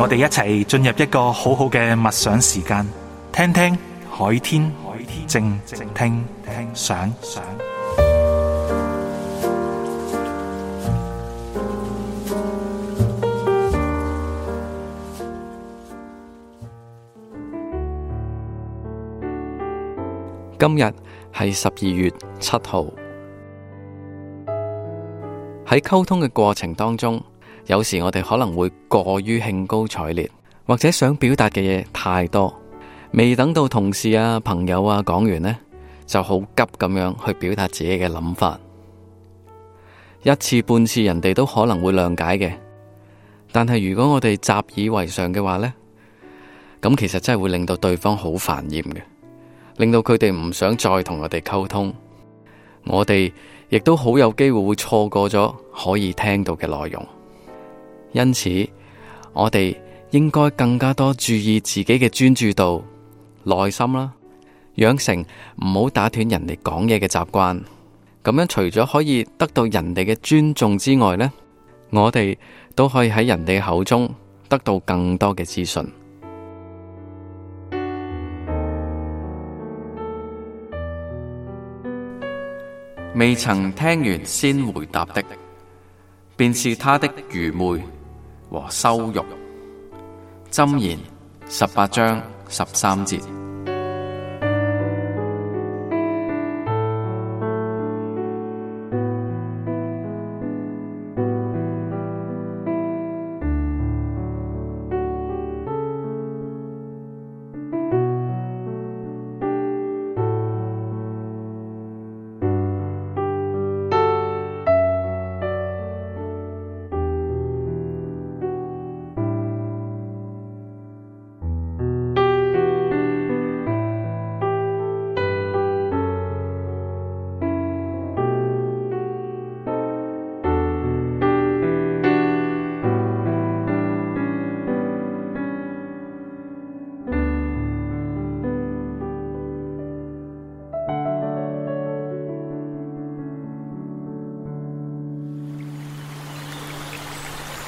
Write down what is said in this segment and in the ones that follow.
我哋一齊進入一個好好嘅默想時間，聽聽海天靜靜聽想。今日係十二月七號。喺溝通嘅過程當中，有時我哋可能會過於興高采烈，或者想表達嘅嘢太多，未等到同事啊、朋友啊講完呢，就好急咁樣去表達自己嘅諗法。一次半次，人哋都可能會諒解嘅。但係如果我哋習以為常嘅話呢，咁其實真係會令到對方好煩厭嘅，令到佢哋唔想再同我哋溝通。我哋亦都好有機會會錯過咗可以聽到嘅內容。因此，我哋應該更加多注意自己嘅專注度、耐心啦，養成唔好打斷人哋講嘢嘅習慣。咁樣除咗可以得到人哋嘅尊重之外，呢我哋都可以喺人哋口中得到更多嘅資訊。未曾聽完先回答的，便是他的愚昧，和羞辱，箴言十八章十三節。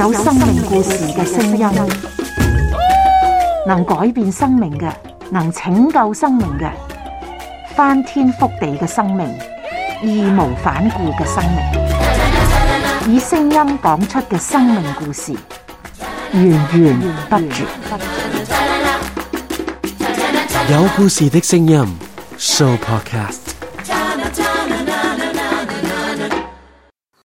有生命故事嘅聲音，能改變生命嘅，能拯救生命嘅，翻天覆地嘅生命，義無反顧嘅生命，以聲音講出嘅生命故事，源源不絕。有故事嘅聲音，Sooo Podcast。